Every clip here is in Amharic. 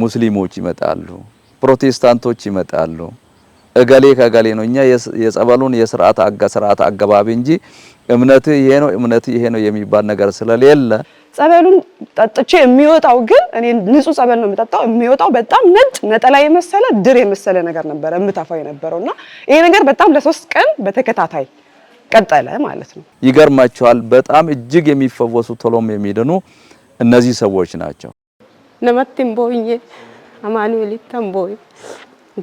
ሙስሊሞች ይመጣሉ፣ ፕሮቴስታንቶች ይመጣሉ። እገሌ ከእገሌ ነው። እኛ የጸበሉን የስርዓት አጋ ስርዓት አገባቢ እንጂ እምነት ይሄ ነው እምነት ይሄ ነው የሚባል ነገር ስለሌለ ጸበሉን ጠጥቼ የሚወጣው ግን እኔ ንጹህ ጸበል ነው የምጠጣው። የሚወጣው በጣም ነጭ ነጠላ የመሰለ ድር የመሰለ ነገር ነበረ የምታፋው የነበረውና ይሄ ነገር በጣም ለሶስት ቀን በተከታታይ ቀጠለ ማለት ነው። ይገርማቸዋል። በጣም እጅግ የሚፈወሱ ቶሎም የሚድኑ እነዚህ ሰዎች ናቸው። namatti hin boo'inye amaanuelitti hin boo'e.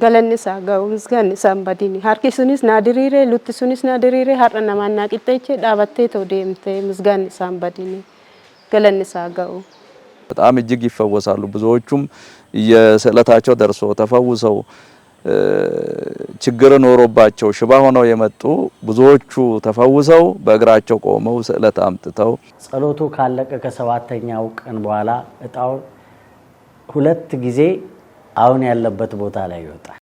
Galanni isaa gahu galanni isaa hin badiini Harki sunis naa diriire lutti sunis naa diriire har'a namaan naa qixxe jechee dhaabattee ta'u deemte misgaanni isaa hin badiini Galanni isaa gahu በጣም እጅግ ይፈወሳሉ። ብዙዎቹም የስዕለታቸው ደርሶ ተፈውሰው ችግር ኖሮባቸው ሽባ ሆነው የመጡ ብዙዎቹ ተፈውሰው በእግራቸው ቆመው ስዕለት አምጥተው ጸሎቱ ካለቀ ከሰባተኛው ቀን በኋላ እጣው ሁለት ጊዜ አሁን ያለበት ቦታ ላይ ይወጣል።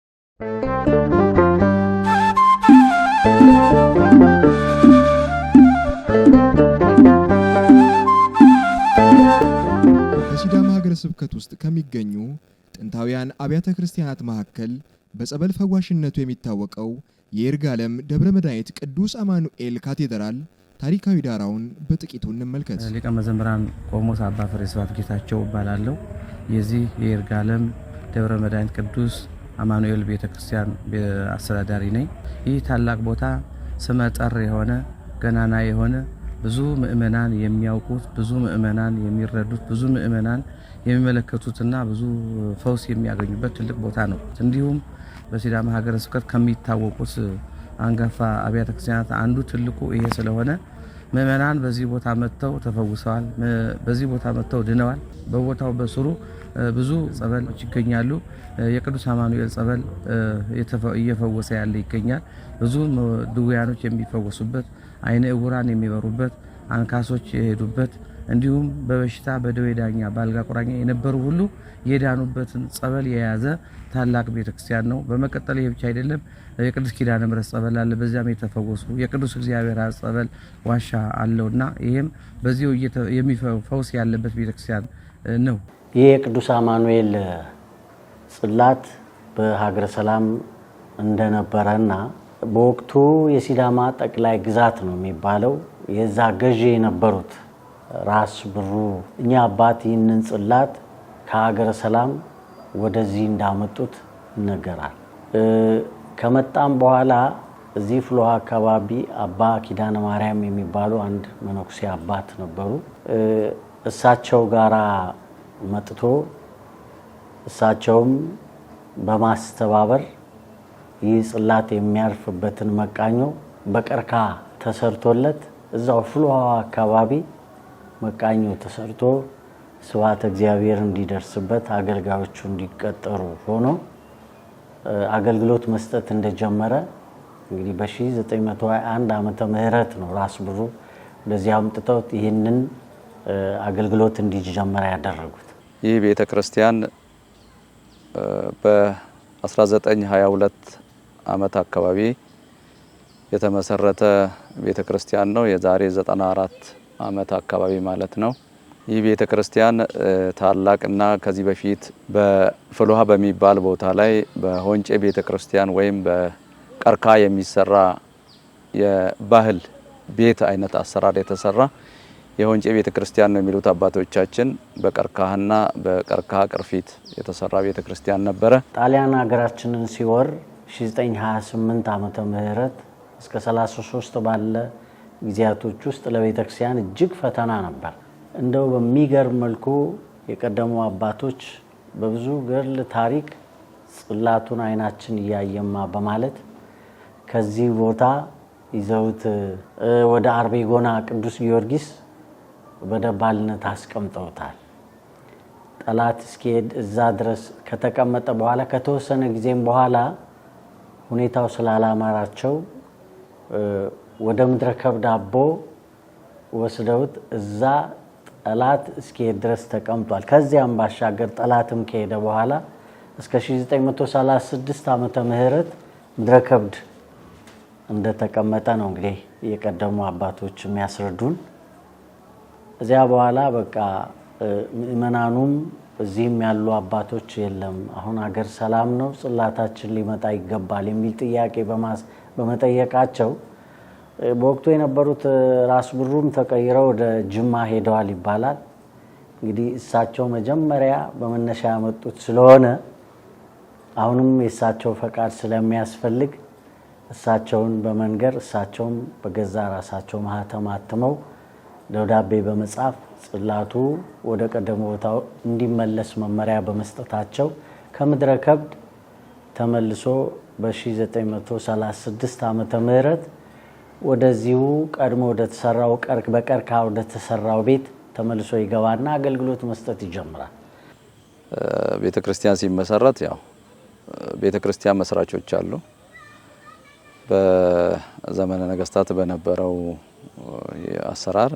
በሲዳማ ሀገረ ስብከት ውስጥ ከሚገኙ ጥንታውያን አብያተ ክርስቲያናት መካከል በጸበል ፈዋሽነቱ የሚታወቀው የይርጋለም ደብረ መድኃኒት ቅዱስ አማኑኤል ካቴድራል ታሪካዊ ዳራውን በጥቂቱ እንመልከት። ሊቀ መዘምራን ቆሞስ አባ ፍሬ ስብሐት ጌታቸው እባላለሁ። የዚህ የይርጋለም ደብረ መድኃኒት ቅዱስ አማኑኤል ቤተ ክርስቲያን አስተዳዳሪ ነኝ። ይህ ታላቅ ቦታ ስመጠር የሆነ ገናና የሆነ ብዙ ምእመናን የሚያውቁት ብዙ ምእመናን የሚረዱት ብዙ ምእመናን የሚመለከቱትና ብዙ ፈውስ የሚያገኙበት ትልቅ ቦታ ነው። እንዲሁም በሲዳማ ሀገረ ስብከት ከሚታወቁት አንጋፋ አብያተ ክርስቲያናት አንዱ ትልቁ ይሄ ስለሆነ ምእመናን በዚህ ቦታ መጥተው ተፈውሰዋል። በዚህ ቦታ መጥተው ድነዋል። በቦታው በስሩ ብዙ ጸበሎች ይገኛሉ። የቅዱስ አማኑኤል ጸበል እየፈወሰ ያለ ይገኛል። ብዙ ድውያኖች የሚፈወሱበት፣ አይነ እውራን የሚበሩበት፣ አንካሶች የሄዱበት እንዲሁም በበሽታ በደዌ ዳኛ በአልጋ ቁራኛ የነበሩ ሁሉ የዳኑበትን ጸበል የያዘ ታላቅ ቤተክርስቲያን ነው። በመቀጠል ይሄ ብቻ አይደለም። የቅዱስ ኪዳነ ምሕረት ጸበል አለ። በዚያም የተፈወሱ የቅዱስ እግዚአብሔር ጸበል ዋሻ አለውና ይህም በዚሁ የሚፈውስ ያለበት ቤተክርስቲያን ነው። ይህ የቅዱስ አማኑኤል ጽላት በሀገረ ሰላም እንደነበረና በወቅቱ የሲዳማ ጠቅላይ ግዛት ነው የሚባለው የዛ ገዢ የነበሩት ራስ ብሩ እኛ አባት ይህንን ጽላት ከሀገረ ሰላም ወደዚህ እንዳመጡት ይነገራል። ከመጣም በኋላ እዚህ ፍሎሃ አካባቢ አባ ኪዳነ ማርያም የሚባሉ አንድ መነኩሴ አባት ነበሩ። እሳቸው ጋራ መጥቶ እሳቸውም በማስተባበር ይህ ጽላት የሚያርፍበትን መቃኞ በቀርካ ተሰርቶለት እዛው ፍልሃ አካባቢ መቃኞ ተሰርቶ ስብሐተ እግዚአብሔር እንዲደርስበት አገልጋዮቹ እንዲቀጠሩ ሆኖ አገልግሎት መስጠት እንደጀመረ እንግዲህ በ1921 ዓመተ ምህረት ነው ራስ ብሩ ወደዚህ አምጥተውት ይህንን አገልግሎት እንዲጀመረ ያደረጉት። ይህ ቤተ ክርስቲያን በ1922 ዓመት አካባቢ የተመሰረተ ቤተ ክርስቲያን ነው። የዛሬ 94 ዓመት አካባቢ ማለት ነው። ይህ ቤተ ክርስቲያን ታላቅና ከዚህ በፊት በፍልውሃ በሚባል ቦታ ላይ በሆንጬ ቤተ ክርስቲያን ወይም በቀርካ የሚሰራ የባህል ቤት አይነት አሰራር የተሰራ የሆንጬ ቤተ ክርስቲያን ነው የሚሉት አባቶቻችን። በቀርካህና በቀርካ ቅርፊት የተሰራ ቤተ ክርስቲያን ነበረ። ጣሊያን ሀገራችንን ሲወር 1928 ዓመተ ምህረት እስከ 33 ባለ ጊዜያቶች ውስጥ ለቤተክርስቲያን እጅግ ፈተና ነበር። እንደው በሚገርም መልኩ የቀደሙ አባቶች በብዙ ገድል ታሪክ ጽላቱን አይናችን እያየማ በማለት ከዚህ ቦታ ይዘውት ወደ አርቤ ጎና ቅዱስ ጊዮርጊስ በደባልነት አስቀምጠውታል። ጠላት እስኪሄድ እዛ ድረስ ከተቀመጠ በኋላ ከተወሰነ ጊዜም በኋላ ሁኔታው ስላላማራቸው ወደ ምድረ ከብድ አቦ ወስደውት እዛ ጠላት እስኪሄድ ድረስ ተቀምጧል። ከዚያም ባሻገር ጠላትም ከሄደ በኋላ እስከ 1936 ዓመተ ምህረት ምድረ ከብድ እንደተቀመጠ ነው እንግዲህ የቀደሙ አባቶች የሚያስረዱን። እዚያ በኋላ በቃ ምእመናኑም እዚህም ያሉ አባቶች የለም አሁን ሀገር ሰላም ነው፣ ጽላታችን ሊመጣ ይገባል የሚል ጥያቄ በመጠየቃቸው በወቅቱ የነበሩት ራስ ብሩም ተቀይረው ወደ ጅማ ሄደዋል ይባላል። እንግዲህ እሳቸው መጀመሪያ በመነሻ ያመጡት ስለሆነ አሁንም የእሳቸው ፈቃድ ስለሚያስፈልግ እሳቸውን በመንገር እሳቸውም በገዛ ራሳቸው ማህተም አትመው ደብዳቤ በመጻፍ ጽላቱ ወደ ቀደመ ቦታው እንዲመለስ መመሪያ በመስጠታቸው ከምድረ ከብድ ተመልሶ በ1936 ዓመተ ምህረት ወደዚሁ ቀድሞ ወደተሰራው በቀርከሃ ወደተሰራው ቤት ተመልሶ ይገባና አገልግሎት መስጠት ይጀምራል። ቤተ ክርስቲያን ሲመሰረት ያው ቤተ ክርስቲያን መስራቾች አሉ። በዘመነ ነገስታት በነበረው አሰራር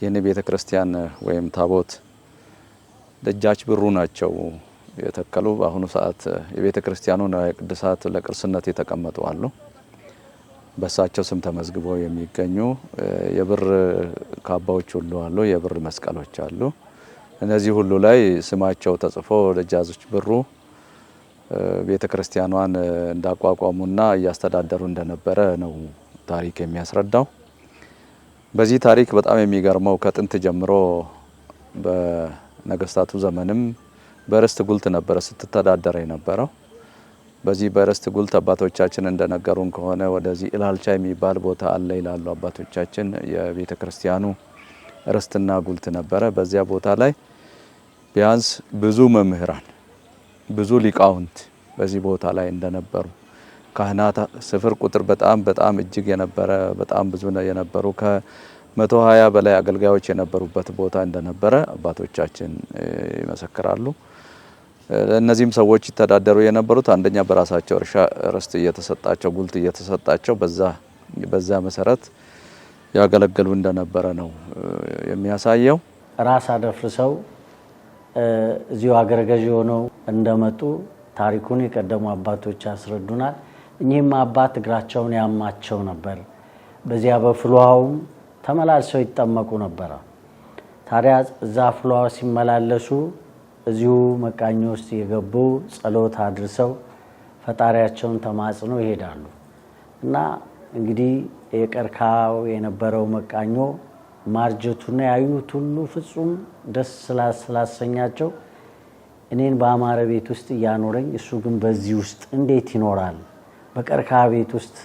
ይህን ቤተ ክርስቲያን ወይም ታቦት ደጃች ብሩ ናቸው የተከሉ። በአሁኑ ሰዓት የቤተ ክርስቲያኑ ቅድሳት ለቅርስነት የተቀመጡ አሉ። በእሳቸው ስም ተመዝግበው የሚገኙ የብር ካባዎች ሁሉ አሉ፣ የብር መስቀሎች አሉ። እነዚህ ሁሉ ላይ ስማቸው ተጽፎ ደጃዞች ብሩ ቤተ ክርስቲያኗን እንዳቋቋሙና እያስተዳደሩ እንደነበረ ነው ታሪክ የሚያስረዳው። በዚህ ታሪክ በጣም የሚገርመው ከጥንት ጀምሮ በነገስታቱ ዘመንም በርስት ጉልት ነበረ ስትተዳደረ የነበረው በዚህ በረስት ጉልት አባቶቻችን እንደነገሩን ከሆነ ወደዚህ እላልቻ የሚባል ቦታ አለ ይላሉ አባቶቻችን። የቤተ ክርስቲያኑ ርስትና ጉልት ነበረ። በዚያ ቦታ ላይ ቢያንስ ብዙ መምህራን፣ ብዙ ሊቃውንት በዚህ ቦታ ላይ እንደነበሩ ካህናት ስፍር ቁጥር በጣም በጣም እጅግ የነበረ በጣም ብዙ የነበሩ ከመቶ ሀያ በላይ አገልጋዮች የነበሩበት ቦታ እንደነበረ አባቶቻችን ይመሰክራሉ። እነዚህም ሰዎች ይተዳደሩ የነበሩት አንደኛ በራሳቸው እርሻ ርስት እየተሰጣቸው ጉልት እየተሰጣቸው በዛ በዛ መሰረት ያገለገሉ እንደነበረ ነው የሚያሳየው። ራስ አደፍርሰው እዚሁ አገረ ገዥ ሆነው እንደመጡ ታሪኩን የቀደሙ አባቶች ያስረዱናል። እኚህም አባት እግራቸውን ያማቸው ነበር። በዚያ በፍልውሃውም ተመላልሰው ይጠመቁ ነበረ። ታዲያ እዛ ፍልውሃው ሲመላለሱ እዚሁ መቃኞ ውስጥ የገቡ ጸሎት አድርሰው ፈጣሪያቸውን ተማጽኖ ይሄዳሉ እና እንግዲህ የቀርካው የነበረው መቃኞ ማርጀቱና ያዩት ሁሉ ፍጹም ደስ ስላሰኛቸው እኔን በአማረ ቤት ውስጥ እያኖረኝ እሱ ግን በዚህ ውስጥ እንዴት ይኖራል? በቀርከሃ ቤት ውስጥ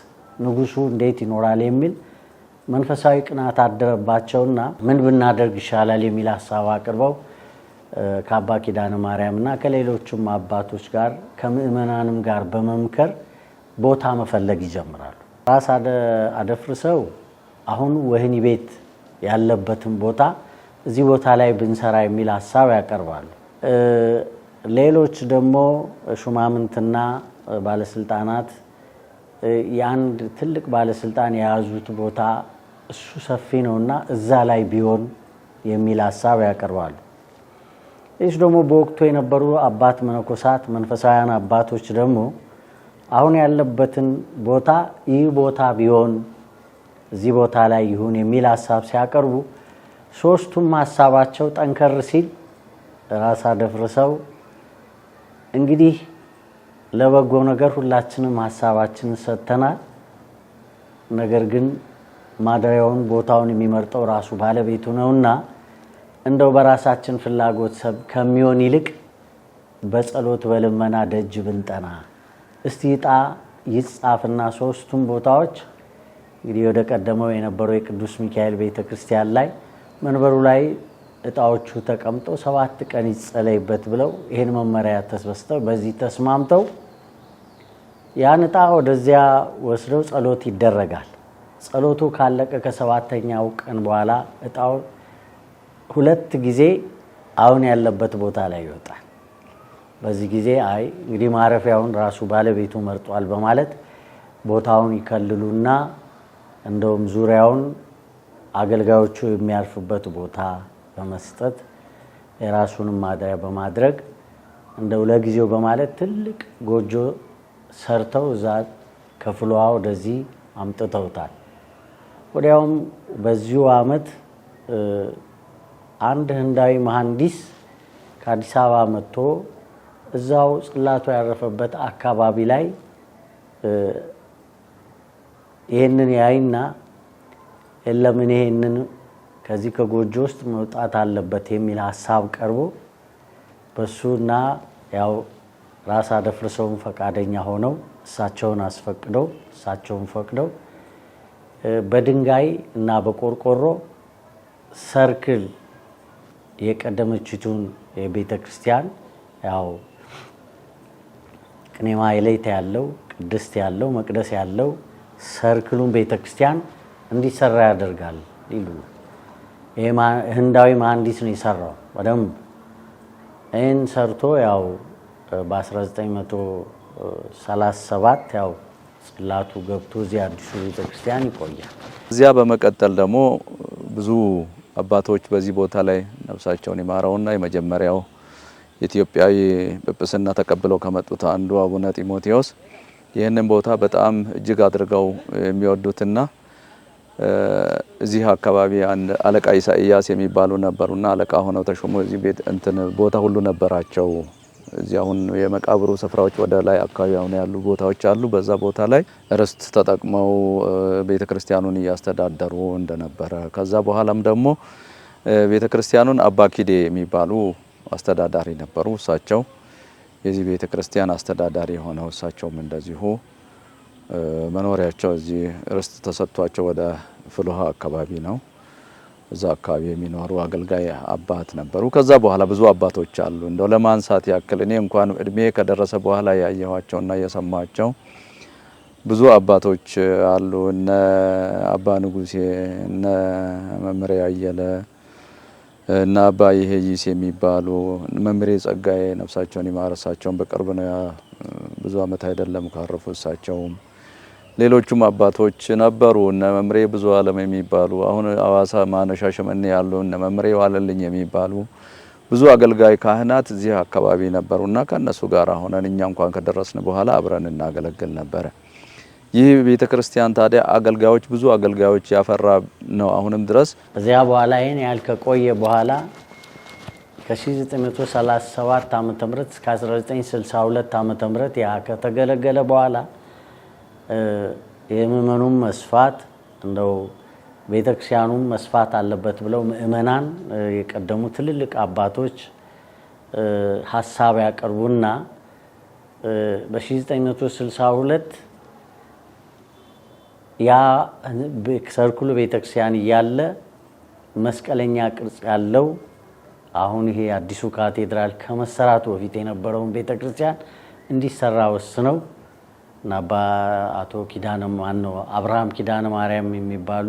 ንጉሱ እንዴት ይኖራል? የሚል መንፈሳዊ ቅናት አደረባቸውና ምን ብናደርግ ይሻላል የሚል ሀሳብ አቅርበው ከአባ ኪዳነ ማርያም እና ከሌሎችም አባቶች ጋር ከምእመናንም ጋር በመምከር ቦታ መፈለግ ይጀምራሉ። ራስ አደፍርሰው አሁን ወህኒ ቤት ያለበትን ቦታ እዚህ ቦታ ላይ ብንሰራ የሚል ሀሳብ ያቀርባሉ። ሌሎች ደግሞ ሹማምንትና ባለስልጣናት የአንድ ትልቅ ባለስልጣን የያዙት ቦታ እሱ ሰፊ ነውና እዛ ላይ ቢሆን የሚል ሀሳብ ያቀርባሉ። ይህ ደግሞ በወቅቱ የነበሩ አባት መነኮሳት መንፈሳውያን አባቶች ደግሞ አሁን ያለበትን ቦታ ይህ ቦታ ቢሆን እዚህ ቦታ ላይ ይሁን የሚል ሀሳብ ሲያቀርቡ ሶስቱም ሀሳባቸው ጠንከር ሲል ራስ አደፍርሰው እንግዲህ ለበጎ ነገር ሁላችንም ሀሳባችን ሰጥተናል። ነገር ግን ማደሪያውን ቦታውን የሚመርጠው ራሱ ባለቤቱ ነውና እንደው በራሳችን ፍላጎት ሰብ ከሚሆን ይልቅ በጸሎት በልመና ደጅ ብንጠና። እስቲ ጣ ይጻፍና ሶስቱም ቦታዎች እንግዲህ ወደ ቀደመው የነበረው የቅዱስ ሚካኤል ቤተ ክርስቲያን ላይ መንበሩ ላይ እጣዎቹ ተቀምጠው ሰባት ቀን ይጸለይበት ብለው ይህን መመሪያ ተስበስተው በዚህ ተስማምተው ያን እጣ ወደዚያ ወስደው ጸሎት ይደረጋል። ጸሎቱ ካለቀ ከሰባተኛው ቀን በኋላ እጣው ሁለት ጊዜ አሁን ያለበት ቦታ ላይ ይወጣል። በዚህ ጊዜ አይ እንግዲህ ማረፊያውን ራሱ ባለቤቱ መርጧል በማለት ቦታውን ይከልሉና እንደውም ዙሪያውን አገልጋዮቹ የሚያርፉበት ቦታ በመስጠት የራሱንም ማደሪያ በማድረግ እንደው ለጊዜው በማለት ትልቅ ጎጆ ሰርተው እዛ ከፍሏ ወደዚህ አምጥተውታል። ወዲያውም በዚሁ ዓመት አንድ ህንዳዊ መሐንዲስ ከአዲስ አበባ መጥቶ እዛው ጽላቱ ያረፈበት አካባቢ ላይ ይህንን ያይና የለምን ይሄንን ከዚህ ከጎጆ ውስጥ መውጣት አለበት የሚል ሀሳብ ቀርቦ በሱና ያው ራስ አደፍርሰውን ፈቃደኛ ሆነው እሳቸውን አስፈቅደው እሳቸውን ፈቅደው በድንጋይ እና በቆርቆሮ ሰርክል የቀደመችቱን የቤተ ክርስቲያን ያው ቅኔማ ማኅሌት ያለው ቅድስት ያለው መቅደስ ያለው ሰርክሉን ቤተ ክርስቲያን እንዲሰራ ያደርጋል ይሉ ህንዳዊ መሀንዲስ ነው የሰራው። በደንብ ይህን ሰርቶ ያው በ1937 ያው ጽላቱ ገብቶ እዚህ አዲሱ ቤተክርስቲያን ይቆያል። እዚያ በመቀጠል ደግሞ ብዙ አባቶች በዚህ ቦታ ላይ ነፍሳቸውን ይማረውና የመጀመሪያው ኢትዮጵያዊ ጵጵስና ተቀብለው ከመጡት አንዱ አቡነ ጢሞቴዎስ ይህንን ቦታ በጣም እጅግ አድርገው የሚወዱትና እዚህ አካባቢ አለቃ ኢሳያስ የሚባሉ ነበሩና አለቃ ሆነው ተሾሙ። እዚህ ቤት እንትን ቦታ ሁሉ ነበራቸው። እዚህ አሁን የመቃብሩ ስፍራዎች ወደ ላይ አካባቢ አሁን ያሉ ቦታዎች አሉ። በዛ ቦታ ላይ ርስት ተጠቅመው ቤተ ክርስቲያኑን እያስተዳደሩ እንደነበረ ከዛ በኋላም ደግሞ ቤተ ክርስቲያኑን አባኪዴ የሚባሉ አስተዳዳሪ ነበሩ። እሳቸው የዚህ ቤተ ክርስቲያን አስተዳዳሪ የሆነው እሳቸውም እንደዚሁ መኖሪያቸው እዚህ ርስት ተሰጥቷቸው ወደ ፍልውሃ አካባቢ ነው እዛ አካባቢ የሚኖሩ አገልጋይ አባት ነበሩ። ከዛ በኋላ ብዙ አባቶች አሉ። እንደው ለማንሳት ያክል እኔ እንኳን እድሜ ከደረሰ በኋላ ያየኋቸውና የሰማቸው ብዙ አባቶች አሉ። እነ አባ ንጉሴ፣ እነ መምሬ አየለ እና አባ ይሄይስ የሚባሉ መምሬ ጸጋዬ ነፍሳቸውን ይማረሳቸውን በቅርብ ነው ብዙ አመት አይደለም ካረፉ እሳቸውም ሌሎቹም አባቶች ነበሩ። እነ መምሬ ብዙ አለም የሚባሉ አሁን አዋሳ ማነሻ ሸመኔ ያሉ እነ መምሬ ዋለልኝ የሚባሉ ብዙ አገልጋይ ካህናት እዚህ አካባቢ እና ከእነሱ ጋር ሆነን እኛ እንኳን ከደረስን በኋላ አብረን እናገለግል ነበረ። ይህ ቤተ ክርስቲያን ታዲያ አገልጋዮች ብዙ አገልጋዮች ያፈራ ነው አሁንም ድረስ። እዚያ በኋላ ይህን ያህል ከቆየ በኋላ ከ1937 ዓ ም እስከ 1962 ዓ ም ያ ከተገለገለ በኋላ የምእመኑም መስፋት እንደው ቤተክርስቲያኑም መስፋት አለበት ብለው ምእመናን የቀደሙ ትልልቅ አባቶች ሀሳብ ያቀርቡና በ1962 ያ ሰርኩሎ ቤተክርስቲያን እያለ መስቀለኛ ቅርጽ ያለው አሁን ይሄ አዲሱ ካቴድራል ከመሰራቱ በፊት የነበረውን ቤተክርስቲያን እንዲሰራ ወስነው እና አባ አቶ ኪዳነ ማነው አብርሃም ኪዳነ ማርያም የሚባሉ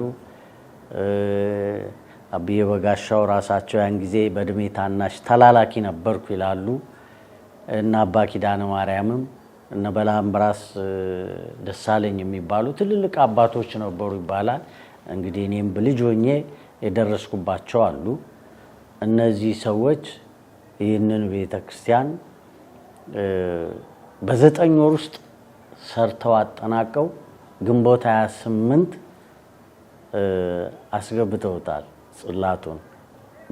አብዬ በጋሻው ራሳቸው ያን ጊዜ በእድሜ ታናሽ ተላላኪ ነበርኩ ይላሉ እና አባ ኪዳነ ማርያምም እነ ብራስ ደሳለኝ የሚባሉ ትልልቅ አባቶች ነበሩ ይባላል። እንግዲህ እኔም ብልጅ ሆኜ የደረስኩባቸው አሉ። እነዚህ ሰዎች ይህንን ቤተክርስቲያን በዘጠኝ ወር ውስጥ ሰርተው አጠናቀው ግንቦት 28 አስገብተውታል ጽላቱን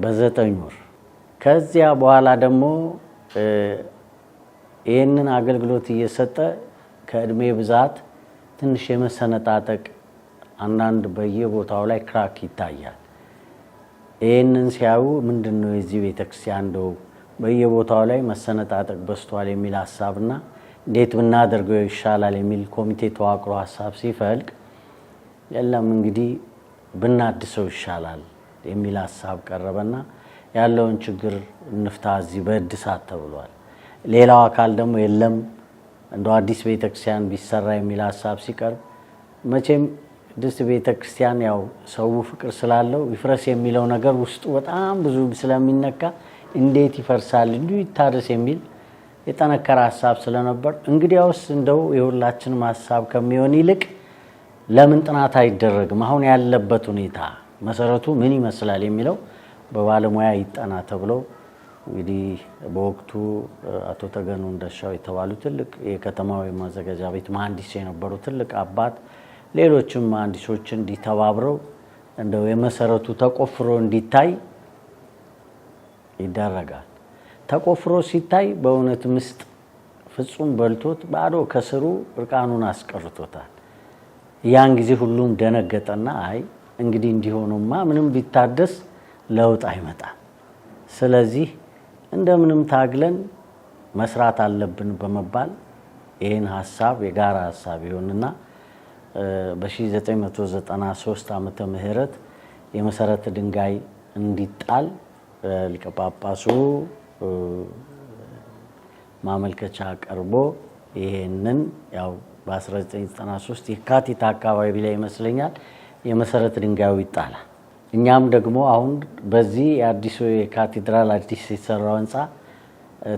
በዘጠኝ ወር። ከዚያ በኋላ ደግሞ ይህንን አገልግሎት እየሰጠ ከእድሜ ብዛት ትንሽ የመሰነጣጠቅ አንዳንድ በየቦታው ላይ ክራክ ይታያል። ይህንን ሲያዩ ምንድን ነው የዚህ ቤተክርስቲያን እንደው በየቦታው ላይ መሰነጣጠቅ በስቷል የሚል ሀሳብና እንዴት ብናደርገው ይሻላል የሚል ኮሚቴ ተዋቅሮ ሀሳብ ሲፈልቅ የለም እንግዲህ ብናድሰው ይሻላል የሚል ሀሳብ ቀረበና ያለውን ችግር እንፍታ እዚህ በእድሳት ተብሏል። ሌላው አካል ደግሞ የለም እንደ አዲስ ቤተክርስቲያን ቢሰራ የሚል ሀሳብ ሲቀርብ መቼም ቅድስት ቤተክርስቲያን ያው ሰው ፍቅር ስላለው ይፍረስ የሚለው ነገር ውስጡ በጣም ብዙ ስለሚነካ እንዴት ይፈርሳል እንዲሁ ይታደስ የሚል የጠነከረ ሀሳብ ስለነበር እንግዲያውስ እንደው የሁላችንም ሀሳብ ከሚሆን ይልቅ ለምን ጥናት አይደረግም፣ አሁን ያለበት ሁኔታ መሰረቱ ምን ይመስላል የሚለው በባለሙያ ይጠና ተብሎ እንግዲህ በወቅቱ አቶ ተገኑ እንደሻው የተባሉ ትልቅ የከተማዊ ማዘጋጃ ቤት መሀንዲስ የነበሩ ትልቅ አባት፣ ሌሎችም መሀንዲሶች እንዲተባብረው እንደው የመሰረቱ ተቆፍሮ እንዲታይ ይደረጋል። ተቆፍሮ ሲታይ በእውነት ምስጥ ፍጹም በልቶት ባዶ ከስሩ እርቃኑን አስቀርቶታል። ያን ጊዜ ሁሉም ደነገጠና አይ እንግዲህ እንዲሆኑማ ምንም ቢታደስ ለውጥ አይመጣም። ስለዚህ እንደምንም ታግለን መስራት አለብን በመባል ይህን ሀሳብ የጋራ ሀሳብ ይሆንና በ1993 ዓመተ ምህረት የመሰረተ ድንጋይ እንዲጣል ሊቀጳጳሱ ማመልከቻ ቀርቦ ይሄንን ያው በ1993 የካቲት አካባቢ ላይ ይመስለኛል የመሰረት ድንጋዩ ይጣላል። እኛም ደግሞ አሁን በዚህ የአዲሱ የካቴድራል አዲስ የተሰራው ህንፃ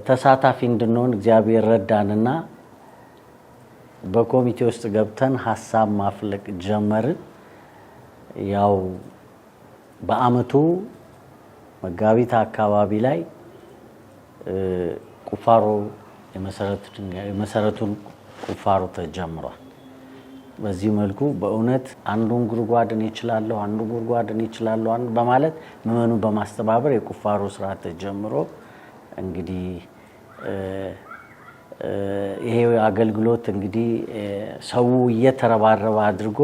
ተሳታፊ እንድንሆን እግዚአብሔር ረዳንና በኮሚቴ ውስጥ ገብተን ሀሳብ ማፍለቅ ጀመርን። ያው በአመቱ መጋቢት አካባቢ ላይ ቁፋሮ የመሰረቱን ቁፋሮ ተጀምሯል። በዚህ መልኩ በእውነት አንዱን ጉድጓድ እኔ እችላለሁ፣ አንዱ ጉድጓድ እኔ እችላለሁ በማለት ምዕመኑን በማስተባበር የቁፋሮ ስራ ተጀምሮ እንግዲህ ይሄ አገልግሎት እንግዲህ ሰው እየተረባረበ አድርጎ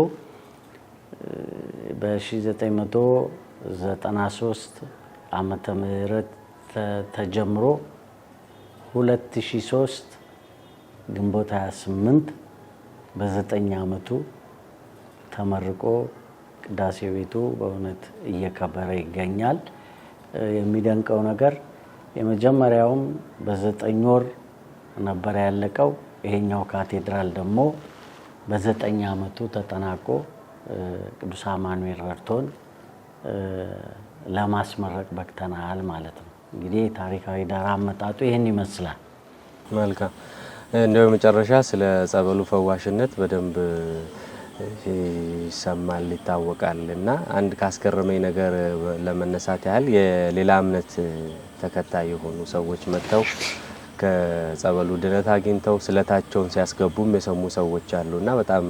በ1993 ዓመተ ምህረት ተጀምሮ 2003 ግንቦት 28 በዘጠኝ ዓመቱ ተመርቆ ቅዳሴ ቤቱ በእውነት እየከበረ ይገኛል። የሚደንቀው ነገር የመጀመሪያውም በዘጠኝ ወር ነበር ያለቀው። ይሄኛው ካቴድራል ደግሞ በዘጠኝ ዓመቱ ተጠናቆ ቅዱስ አማኑኤል ረድቶን ለማስመረቅ በቅተናል ማለት ነው። እንግዲህ ታሪካዊ ዳራ አመጣጡ ይህን ይመስላል። መልካም እንደው መጨረሻ ስለ ጸበሉ ፈዋሽነት በደንብ ይሰማል ይታወቃል። እና አንድ ካስገረመኝ ነገር ለመነሳት ያህል የሌላ እምነት ተከታይ የሆኑ ሰዎች መጥተው ከጸበሉ ድነት አግኝተው ስለታቸውን ሲያስገቡም የሰሙ ሰዎች አሉ እና በጣም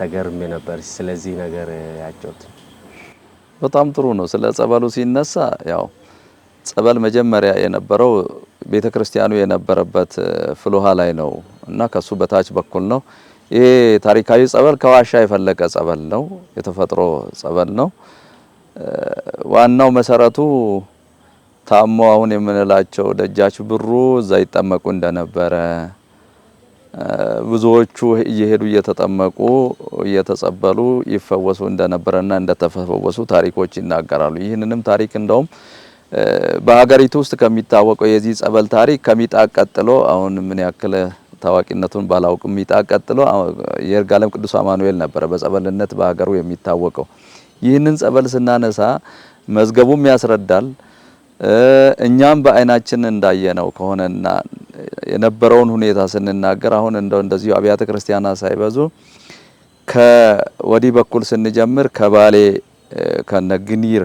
ተገርሜ ነበር። ስለዚህ ነገር ያጫውት። በጣም ጥሩ ነው። ስለ ጸበሉ ሲነሳ ያው ጸበል መጀመሪያ የነበረው ቤተ ክርስቲያኑ የነበረበት ፍልውሃ ላይ ነው እና ከሱ በታች በኩል ነው። ይሄ ታሪካዊ ጸበል ከዋሻ የፈለቀ ጸበል ነው፣ የተፈጥሮ ጸበል ነው። ዋናው መሰረቱ ታሞ አሁን የምንላቸው ደጃች ብሩ እዛ ይጠመቁ እንደነበረ ብዙዎቹ እየሄዱ እየተጠመቁ እየተጸበሉ ይፈወሱ እንደነበረና እንደተፈወሱ ታሪኮች ይናገራሉ። ይህንንም ታሪክ እንደውም በሀገሪቱ ውስጥ ከሚታወቀው የዚህ ጸበል ታሪክ ከሚጣቅ ቀጥሎ አሁን ምን ያክል ታዋቂነቱን ባላውቅ ሚጣቅ ቀጥሎ የይርጋለም ቅዱስ አማኑኤል ነበረ በጸበልነት በሀገሩ የሚታወቀው። ይህንን ጸበል ስናነሳ መዝገቡም ያስረዳል። እኛም በአይናችን እንዳየነው ከሆነና የነበረውን ሁኔታ ስንናገር አሁን እንደው እንደዚሁ አብያተ ክርስቲያናት ሳይበዙ ከወዲህ በኩል ስንጀምር ከባሌ ከነግኒር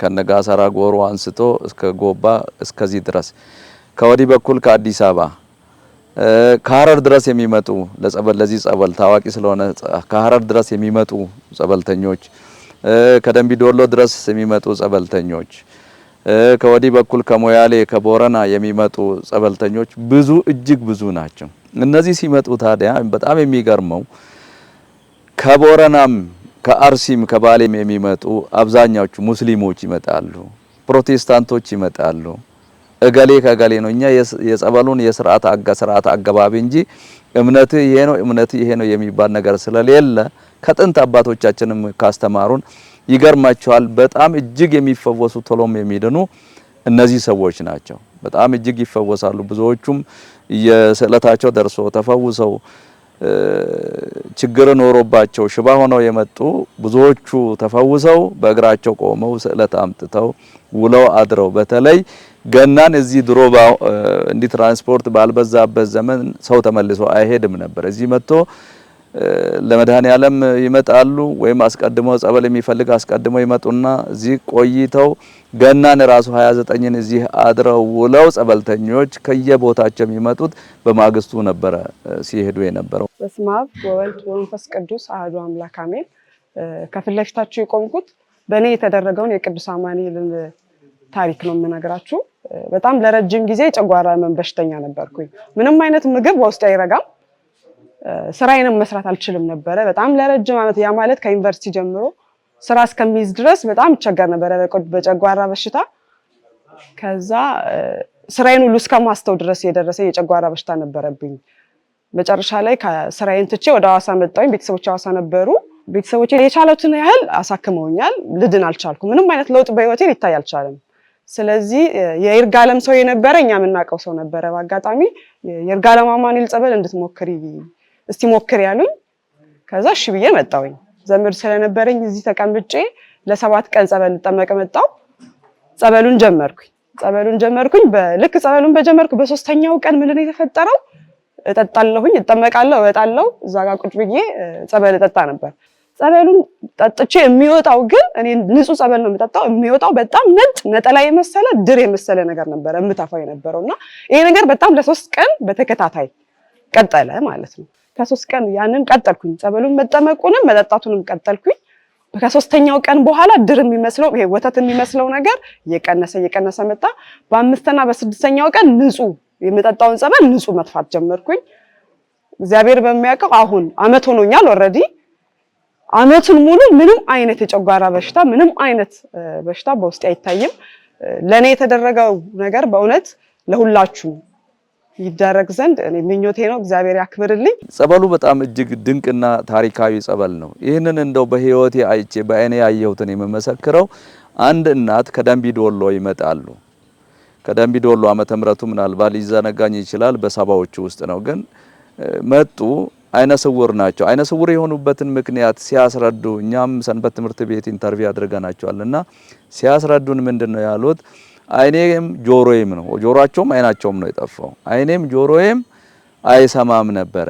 ከነጋሰራ ጎሮ አንስቶ እስከ ጎባ እስከዚህ ድረስ ከወዲህ በኩል ከአዲስ አበባ ከሀረር ድረስ የሚመጡ ለጸበል ለዚህ ጸበል ታዋቂ ስለሆነ ከሀረር ድረስ የሚመጡ ጸበልተኞች ከደንቢ ዶሎ ድረስ የሚመጡ ጸበልተኞች ከወዲህ በኩል ከሞያሌ ከቦረና የሚመጡ ጸበልተኞች ብዙ እጅግ ብዙ ናቸው። እነዚህ ሲመጡ ታዲያ በጣም የሚገርመው ከቦረናም ከአርሲም ከባሌም የሚመጡ አብዛኛዎቹ ሙስሊሞች ይመጣሉ፣ ፕሮቴስታንቶች ይመጣሉ። እገሌ ከገሌ ነው። እኛ የጸበሉን የስርዓት አጋ ስርዓት አገባቢ እንጂ እምነት ይሄ ነው እምነት ይሄ ነው የሚባል ነገር ስለሌለ ከጥንት አባቶቻችንም ካስተማሩን ይገርማቸዋል። በጣም እጅግ የሚፈወሱ ቶሎም የሚድኑ እነዚህ ሰዎች ናቸው። በጣም እጅግ ይፈወሳሉ። ብዙዎቹም የስዕለታቸው ደርሶ ተፈውሰው ችግር ኖሮባቸው ሽባ ሆነው የመጡ ብዙዎቹ ተፈውሰው በእግራቸው ቆመው ስዕለት አምጥተው ውለው አድረው በተለይ ገናን እዚህ ድሮ እንዲህ ትራንስፖርት ባልበዛበት ዘመን ሰው ተመልሶ አይሄድም ነበር። እዚህ መጥቶ ለመድኃኔ ዓለም ይመጣሉ ወይም አስቀድመው ጸበል የሚፈልግ አስቀድመው ይመጡና እዚህ ቆይተው ገናን ራሱ 29ን እዚህ አድረው ውለው ጸበልተኞች ከየቦታቸው የሚመጡት በማግስቱ ነበረ ሲሄዱ የነበረው። በስመ አብ ወወልድ ወመንፈስ ቅዱስ አሐዱ አምላክ አሜን። ከፊት ለፊታችሁ የቆምኩት በእኔ የተደረገውን የቅዱስ አማኑኤልን ታሪክ ነው የምነግራችሁ። በጣም ለረጅም ጊዜ የጨጓራ ህመም በሽተኛ ነበርኩኝ። ምንም አይነት ምግብ በውስጥ አይረጋም ስራዬንም መስራት አልችልም ነበረ በጣም ለረጅም ዓመት ያ ማለት ከዩኒቨርሲቲ ጀምሮ ስራ እስከሚይዝ ድረስ በጣም ይቸገር ነበረ በጨጓራ በሽታ። ከዛ ስራዬን ሁሉ እስከማስተው ድረስ የደረሰኝ የጨጓራ በሽታ ነበረብኝ። መጨረሻ ላይ ስራዬን ትቼ ወደ ሐዋሳ መጣሁኝ። ቤተሰቦች ሐዋሳ ነበሩ። ቤተሰቦች የቻሉትን ያህል አሳክመውኛል። ልድን አልቻልኩም። ምንም አይነት ለውጥ በህይወቴ ሊታይ አልቻለም። ስለዚህ የይርጋለም ሰው የነበረ እኛ የምናውቀው ሰው ነበረ። በአጋጣሚ የይርጋለም አማኒል ጸበል እንድትሞክር እስቲ ሞክር ያሉኝ። ከዛ እሺ ብዬ መጣሁኝ። ዘመድ ስለነበረኝ እዚህ ተቀምጬ ለሰባት ቀን ጸበል ልጠመቅ መጣሁ። ጸበሉን ጀመርኩኝ ጸበሉን ጀመርኩኝ። በልክ ጸበሉን በጀመርኩ በሶስተኛው ቀን ምንድን ነው የተፈጠረው? እጠጣለሁኝ፣ እጠመቃለሁ፣ እወጣለሁ። እዛ ጋር ቁጭ ብዬ ጸበል እጠጣ ነበር። ጸበሉን ጠጥቼ የሚወጣው ግን እኔ ንጹህ ጸበል ነው የምጠጣው። የሚወጣው በጣም ነጭ ነጠላ የመሰለ ድር የመሰለ ነገር ነበረ የምታፋው የነበረው እና ይሄ ነገር በጣም ለሶስት ቀን በተከታታይ ቀጠለ ማለት ነው። ከሶስት ቀን ያንን ቀጠልኩኝ። ጸበሉን መጠመቁንም መጠጣቱንም ቀጠልኩኝ። ከሶስተኛው ቀን በኋላ ድር የሚመስለው ይሄ ወተት የሚመስለው ነገር እየቀነሰ እየቀነሰ መጣ። በአምስትና በስድስተኛው ቀን ንጹህ የምጠጣውን ጸበል ንጹህ መጥፋት ጀመርኩኝ። እግዚአብሔር በሚያውቀው አሁን አመት ሆኖኛል ኦልሬዲ አመቱን ሙሉ ምንም አይነት የጨጓራ በሽታ ምንም አይነት በሽታ በውስጤ አይታይም። ለእኔ የተደረገው ነገር በእውነት ለሁላችሁ ይደረግ ዘንድ ምኞቴ ነው። እግዚአብሔር ያክብርልኝ። ጸበሉ በጣም እጅግ ድንቅና ታሪካዊ ጸበል ነው። ይህንን እንደው በህይወቴ አይቼ በአይኔ ያየሁትን የምመሰክረው አንድ እናት ከደንቢ ዶሎ ይመጣሉ። ከደንቢ ዶሎ ዓመተ ምሕረቱ ምናልባት ሊዘነጋኝ ይችላል፣ በሰባዎቹ ውስጥ ነው። ግን መጡ። አይነ ስውር ናቸው። አይነ ስውር የሆኑበትን ምክንያት ሲያስረዱ እኛም ሰንበት ትምህርት ቤት ኢንተርቪው አድርገናቸዋል እና ሲያስረዱን ምንድን ነው ያሉት አይኔም ጆሮዬም ነው። ጆሮአቸውም አይናቸውም ነው የጠፋው። አይኔም ጆሮዬም አይሰማም ነበረ።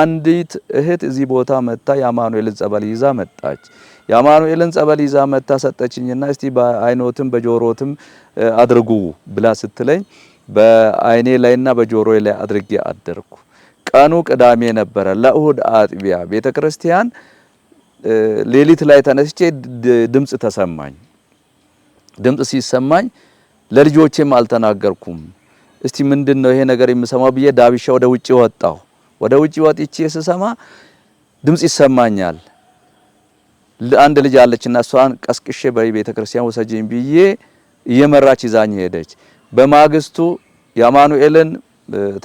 አንዲት እህት እዚህ ቦታ መታ የአማኑኤልን ጸበል ይዛ መጣች። የአማኑኤልን ጸበል ይዛ መታ ሰጠችኝና እስቲ በአይኖትም በጆሮትም አድርጉ ብላ ስትለኝ በአይኔ ላይና በጆሮዬ ላይ አድርጌ አደርኩ። ቀኑ ቅዳሜ ነበረ። ለእሁድ አጥቢያ ቤተ ክርስቲያን ሌሊት ላይ ተነስቼ ድምፅ ተሰማኝ። ድምፅ ሲሰማኝ ለልጆቼም አልተናገርኩም። እስቲ ምንድን ነው ይሄ ነገር የምሰማው ብዬ ዳብሻ ወደ ውጪ ወጣሁ። ወደ ውጪ ወጥቼ ስሰማ ድምጽ ይሰማኛል። አንድ ልጅ አለችና እሷን ቀስቅሼ በቤተ ክርስቲያን ወሰጂኝ ብዬ እየመራች ይዛኝ ሄደች። በማግስቱ የአማኑኤልን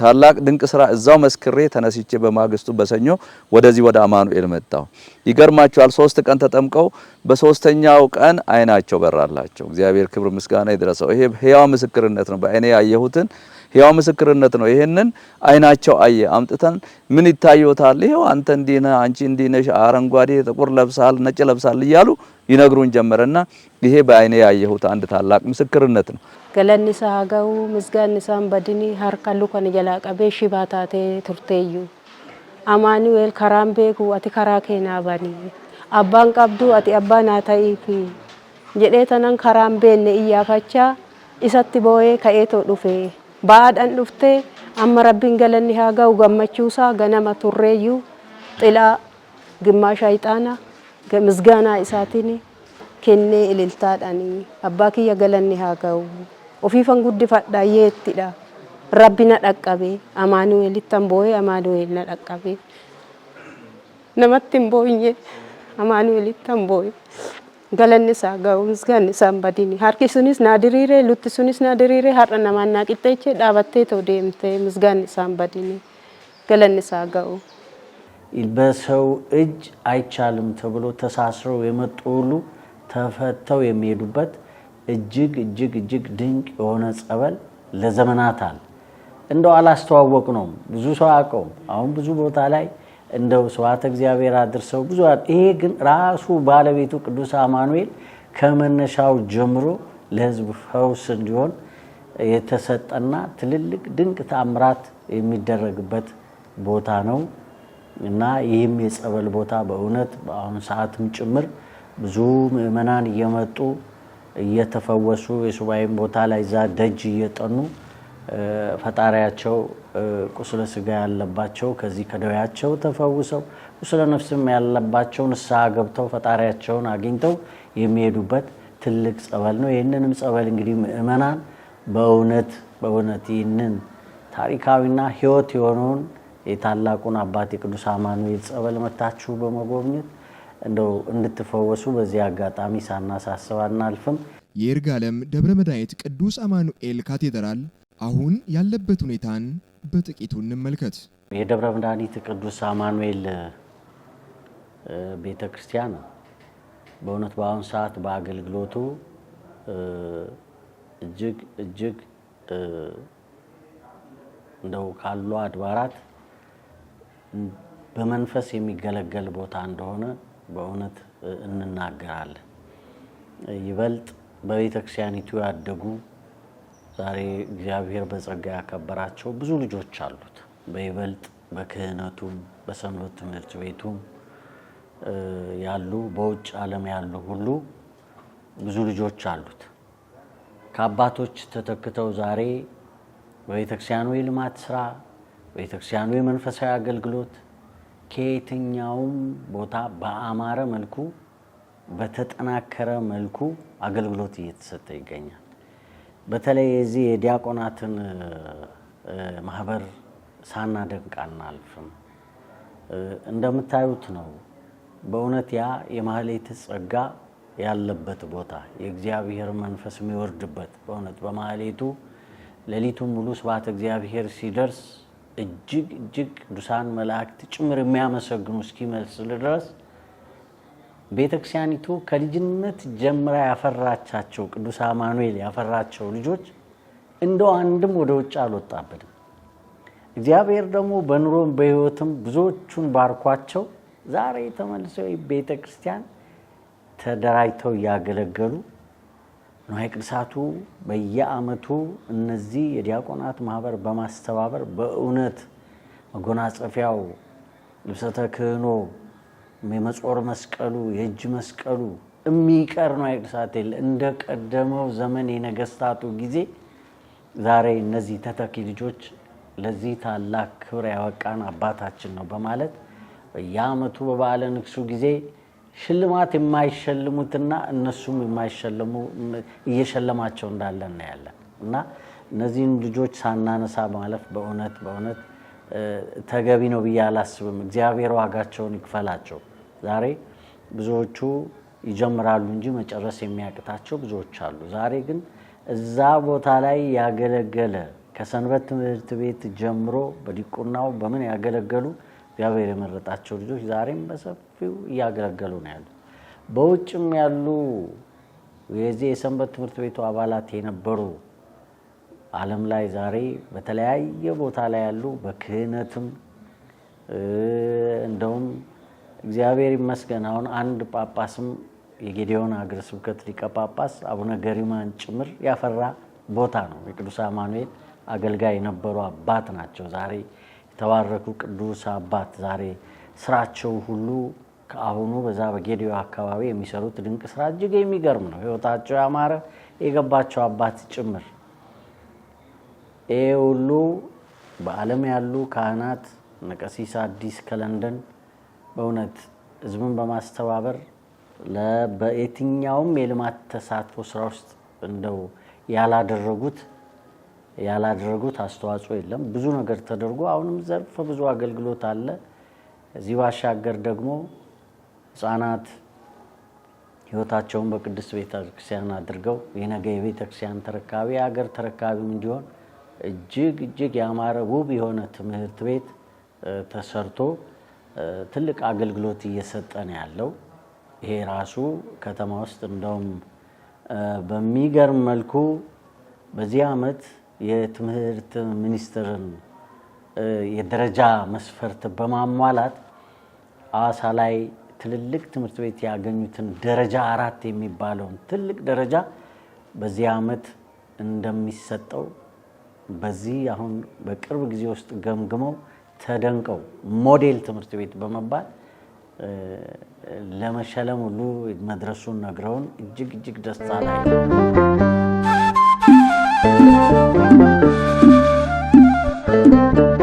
ታላቅ ድንቅ ስራ እዛው መስክሬ ተነስቼ በማግስቱ በሰኞ ወደዚህ ወደ አማኑኤል መጣሁ። ይገርማቸዋል። ሶስት ቀን ተጠምቀው በሶስተኛው ቀን አይናቸው በራላቸው። እግዚአብሔር ክብር ምስጋና ይድረሰው። ይሄ ህያው ምስክርነት ነው። በአይኔ ያየሁትን ህያው ምስክርነት ነው። ይሄንን አይናቸው አየ። አምጥተን ምን ይታዩታል? ይሄው አንተ እንዲህ አንቺ እንዲህ አረንጓዴ ጥቁር ለብሳል፣ ነጭ ለብሳል እያሉ ይነግሩን ጀመረና ይሄ በአይኔ ያየሁት አንድ ታላቅ ምስክርነት ነው። ገለኒሳ ሀገው ምዝጋኒሳን በድኒ ሀርካሉ ከን ጀላቀቤ ሽባታቴ ቱርቴዩ አማኑኤል ከራን ቤኩ አቲ ከራ ኬና ባኒ አባን ቀብዱ አቲ አባ ናታኢፊ jedhee tanan karaan beenne iyyaafachaa isatti boo'ee ka'eetoo ba'aadhaan dhuftee amma rabbiin galanni haa ga'u gammachuusaa ganama turreeyyuu xilaa gimmaa shayixaana misgaanaa isaatiin kennee ililtaadhaan abbaa kiyya galanni haa ga'u ofiifan fadhaa yeettidha rabbi na dhaqqabe amaanuweelittan boo'ee amaanuweel na namatti hin boo'inye amaanuweelittan boo'e. galanni Galannisaa ga'uunis gannisaa hin badini. Harki sunis na diriire, lukti sunis na diriire, har'a namaan naa qixxe jechee dhaabattee too deemte ምስጋና isaa badini galanni Galannisaa ga'u በሰው እጅ አይቻልም ተብሎ ተሳስረው የመጡ ሁሉ ተፈተው የሚሄዱበት እጅግ እጅግ እጅግ ድንቅ የሆነ ጸበል ለዘመናት አለ። እንደው አላስተዋወቅ ነው ብዙ ሰው አውቀው አሁን ብዙ ቦታ ላይ እንደው ሰዋተ እግዚአብሔር አድርሰው ብዙ። ይሄ ግን ራሱ ባለቤቱ ቅዱስ አማኑኤል ከመነሻው ጀምሮ ለህዝብ ፈውስ እንዲሆን የተሰጠና ትልልቅ ድንቅ ታምራት የሚደረግበት ቦታ ነው እና ይህም የጸበል ቦታ በእውነት በአሁኑ ሰዓትም ጭምር ብዙ ምእመናን እየመጡ እየተፈወሱ የሱባኤም ቦታ ላይ ዛ ደጅ እየጠኑ ፈጣሪያቸው ቁስለ ስጋ ያለባቸው ከዚህ ከደዌያቸው ተፈውሰው ቁስለ ነፍስም ያለባቸው ንስሐ ገብተው ፈጣሪያቸውን አግኝተው የሚሄዱበት ትልቅ ጸበል ነው። ይህንንም ጸበል እንግዲህ ምእመናን በእውነት በእውነት ይህንን ታሪካዊና ሕይወት የሆነውን የታላቁን አባት የቅዱስ አማኑኤል ጸበል መታችሁ በመጎብኘት እንደው እንድትፈወሱ በዚህ አጋጣሚ ሳናሳስብ አናልፍም። የይርጋለም ደብረ መድኃኒት ቅዱስ አማኑኤል ካቴድራል አሁን ያለበት ሁኔታን በጥቂቱ እንመልከት። የደብረ መድኃኒት ቅዱስ አማኑኤል ቤተ ክርስቲያን በእውነት በአሁኑ ሰዓት በአገልግሎቱ እጅግ እጅግ እንደው ካሉ አድባራት በመንፈስ የሚገለገል ቦታ እንደሆነ በእውነት እንናገራለን። ይበልጥ በቤተክርስቲያኒቱ ያደጉ ዛሬ እግዚአብሔር በጸጋ ያከበራቸው ብዙ ልጆች አሉት። በይበልጥ በክህነቱም በሰንበት ትምህርት ቤቱም ያሉ በውጭ ዓለም ያሉ ሁሉ ብዙ ልጆች አሉት። ከአባቶች ተተክተው ዛሬ በቤተክርስቲያኑ የልማት ስራ፣ በቤተክርስቲያኑ የመንፈሳዊ አገልግሎት ከየትኛውም ቦታ በአማረ መልኩ በተጠናከረ መልኩ አገልግሎት እየተሰጠ ይገኛል። በተለይ የዚህ የዲያቆናትን ማህበር ሳናደንቅ አናልፍም። እንደምታዩት ነው። በእውነት ያ የማህሌት ጸጋ ያለበት ቦታ የእግዚአብሔር መንፈስ የሚወርድበት በእውነት በማህሌቱ ሌሊቱን ሙሉ ስብሐተ እግዚአብሔር ሲደርስ እጅግ እጅግ ቅዱሳን መላእክት ጭምር የሚያመሰግኑ እስኪመስል ድረስ ቤተክርስቲያኒቱ ከልጅነት ጀምራ ያፈራቻቸው ቅዱስ አማኑኤል ያፈራቸው ልጆች እንደው አንድም ወደ ውጭ አልወጣብንም። እግዚአብሔር ደግሞ በኑሮም በሕይወትም ብዙዎቹን ባርኳቸው ዛሬ ተመልሰው ቤተ ክርስቲያን ተደራጅተው እያገለገሉ ንዋየ ቅድሳቱ በየዓመቱ እነዚህ የዲያቆናት ማህበር በማስተባበር በእውነት መጎናጸፊያው ልብሰተ ክህኖ። የመጾር መስቀሉ የእጅ መስቀሉ የሚቀር ነው ሳት የለ። እንደ ቀደመው ዘመን የነገስታቱ ጊዜ ዛሬ እነዚህ ተተኪ ልጆች ለዚህ ታላቅ ክብር ያበቃን አባታችን ነው በማለት በየአመቱ በበዓለ ንግሱ ጊዜ ሽልማት የማይሸልሙትና እነሱም የማይሸልሙ እየሸለማቸው እንዳለ እናያለን እና እነዚህን ልጆች ሳናነሳ ማለፍ በእውነት በእውነት ተገቢ ነው ብዬ አላስብም። እግዚአብሔር ዋጋቸውን ይክፈላቸው። ዛሬ ብዙዎቹ ይጀምራሉ እንጂ መጨረስ የሚያቅታቸው ብዙዎች አሉ። ዛሬ ግን እዛ ቦታ ላይ ያገለገለ ከሰንበት ትምህርት ቤት ጀምሮ በዲቁናው በምን ያገለገሉ እግዚአብሔር የመረጣቸው ልጆች ዛሬም በሰፊው እያገለገሉ ነው ያሉ። በውጭም ያሉ የዚህ የሰንበት ትምህርት ቤቱ አባላት የነበሩ ዓለም ላይ ዛሬ በተለያየ ቦታ ላይ ያሉ በክህነትም እንደውም እግዚአብሔር ይመስገን አሁን አንድ ጳጳስም የጌዲዮን ሀገረ ስብከት ሊቀ ጳጳስ አቡነ ገሪማን ጭምር ያፈራ ቦታ ነው። የቅዱስ አማኑኤል አገልጋይ የነበሩ አባት ናቸው። ዛሬ የተባረኩ ቅዱስ አባት ዛሬ ስራቸው ሁሉ ከአሁኑ በዛ በጌዲዮ አካባቢ የሚሰሩት ድንቅ ስራ እጅግ የሚገርም ነው። ህይወታቸው ያማረ የገባቸው አባት ጭምር ይሄ ሁሉ በዓለም ያሉ ካህናት ነቀሲስ አዲስ ከለንደን በእውነት ህዝቡን በማስተባበር በየትኛውም የልማት ተሳትፎ ስራ ውስጥ እንደው ያላደረጉት ያላደረጉት አስተዋጽኦ የለም። ብዙ ነገር ተደርጎ አሁንም ዘርፈ ብዙ አገልግሎት አለ። እዚህ ባሻገር ደግሞ ህጻናት ህይወታቸውን በቅድስት ቤተክርስቲያን አድርገው የነገ የቤተክርስቲያን ተረካቢ የሀገር ተረካቢም እንዲሆን እጅግ እጅግ ያማረ ውብ የሆነ ትምህርት ቤት ተሰርቶ ትልቅ አገልግሎት እየሰጠን ያለው። ይሄ ራሱ ከተማ ውስጥ እንደውም በሚገርም መልኩ በዚህ ዓመት የትምህርት ሚኒስቴርን የደረጃ መስፈርት በማሟላት አዋሳ ላይ ትልልቅ ትምህርት ቤት ያገኙትን ደረጃ አራት የሚባለውን ትልቅ ደረጃ በዚህ ዓመት እንደሚሰጠው በዚህ አሁን በቅርብ ጊዜ ውስጥ ገምግመው ተደንቀው ሞዴል ትምህርት ቤት በመባል ለመሸለም ሁሉ መድረሱን ነግረውን እጅግ እጅግ ደስታ ላይ